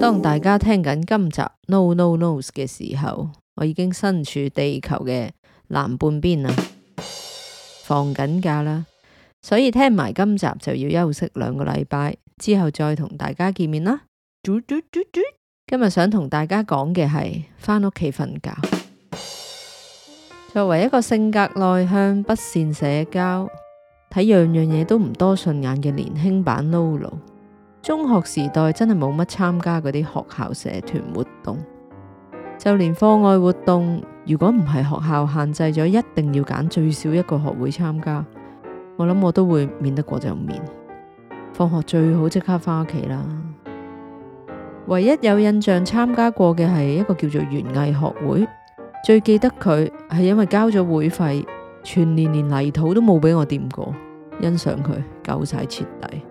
當大家聽緊今集 No No Nose 嘅時候，我已經身處地球嘅南半邊啦，放緊假啦，所以聽埋今集就要休息兩個禮拜，之後再同大家見面啦。今日想同大家講嘅係返屋企瞓覺。作為一個性格內向、不善社交、睇樣樣嘢都唔多順眼嘅年輕版 No No。中學時代真係冇乜參加嗰啲學校社團活動，就連課外活動，如果唔係學校限制咗，一定要揀最少一個學會參加。我諗我都會免得過就免。放學最好即刻返屋企啦。唯一有印象參加過嘅係一個叫做園藝學會，最記得佢係因為交咗會費，全年連泥土都冇俾我掂過，欣賞佢，夠晒徹底。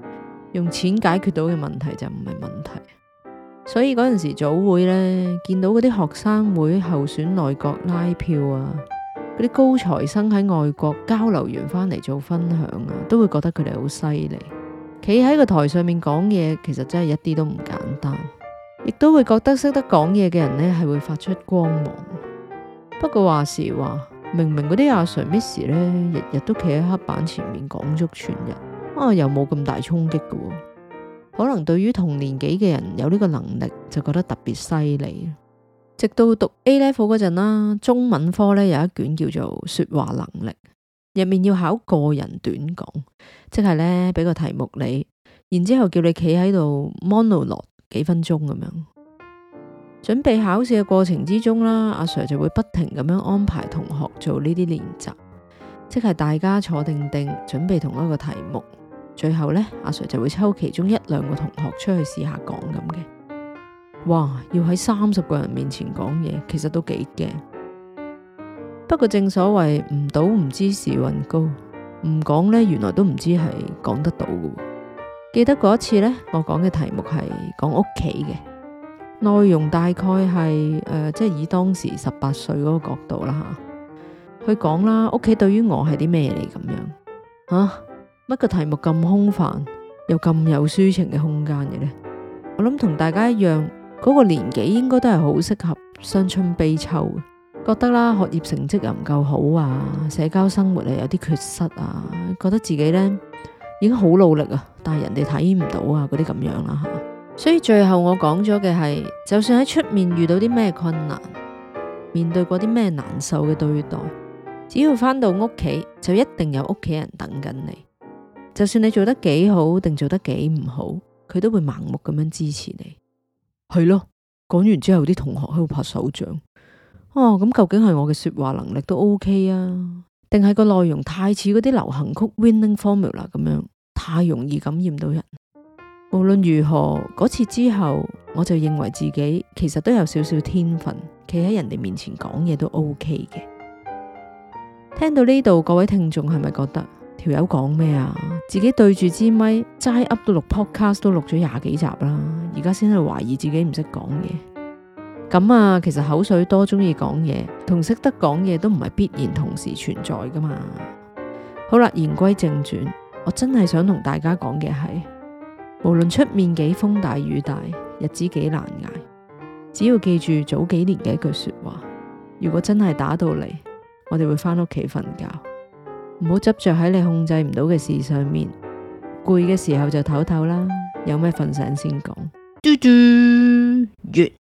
用錢解決到嘅問題就唔係問題，所以嗰陣時早會呢，見到嗰啲學生會候選內國拉票啊，嗰啲高材生喺外國交流完翻嚟做分享啊，都會覺得佢哋好犀利。企喺個台上面講嘢，其實真係一啲都唔簡單，亦都會覺得識得講嘢嘅人咧係會發出光芒。不過話時話，明明嗰啲阿 Sir Miss 咧，日日都企喺黑板前面講足全日。啊，又冇咁大衝擊嘅，可能對於同年紀嘅人有呢個能力，就覺得特別犀利。直到讀 A level 嗰陣啦，中文科呢有一卷叫做說話能力，入面要考個人短講，即係呢：俾個題目你，然之後叫你企喺度 monologue 幾分鐘咁樣。準備考試嘅過程之中啦，阿 Sir 就會不停咁樣安排同學做呢啲練習，即係大家坐定定，準備同一個題目。最後呢，阿 Sir 就會抽其中一兩個同學出去試下講咁嘅。哇，要喺三十個人面前講嘢，其實都幾驚。不過正所謂唔賭唔知時運高，唔講呢，原來都唔知係講得到嘅。記得嗰一次呢，我講嘅題目係講屋企嘅內容，大概係誒、呃，即係以當時十八歲嗰個角度啦吓去講啦，屋企對於我係啲咩嚟咁樣啊？乜個題目咁空泛又咁有抒情嘅空間嘅咧？我諗同大家一樣，嗰個年紀應該都係好適合傷春悲秋啊。覺得啦，學業成績又唔夠好啊，社交生活又有啲缺失啊，覺得自己咧已經好努力啊，但係人哋睇唔到啊，嗰啲咁樣啦吓。所以最後我講咗嘅係，就算喺出面遇到啲咩困難，面對過啲咩難受嘅對待，只要翻到屋企，就一定有屋企人等緊你。就算你做得幾好定做得幾唔好，佢都會盲目咁樣支持你，係咯？講完之後，啲同學喺度拍手掌。哦，咁、嗯、究竟係我嘅說話能力都 OK 啊？定係個內容太似嗰啲流行曲《Winning Formula》啦，咁樣太容易感染到人。無論如何，嗰次之後，我就認為自己其實都有少少天分，企喺人哋面前講嘢都 OK 嘅。聽到呢度，各位聽眾係咪覺得？條友講咩啊？自己對住支咪，齋 up 到錄 podcast 都錄咗廿幾集啦，而家先係懷疑自己唔識講嘢咁啊。其實口水多鍾意講嘢，同識得講嘢都唔係必然同時存在噶嘛。好啦，言歸正傳，我真係想同大家講嘅係，無論出面幾風大雨大，日子幾難捱，只要記住早幾年嘅一句說話，如果真係打到嚟，我哋會返屋企瞓覺。唔好執着喺你控制唔到嘅事上面，攰嘅時候就唞唞啦，有咩瞓醒先講。嘟嘟，月。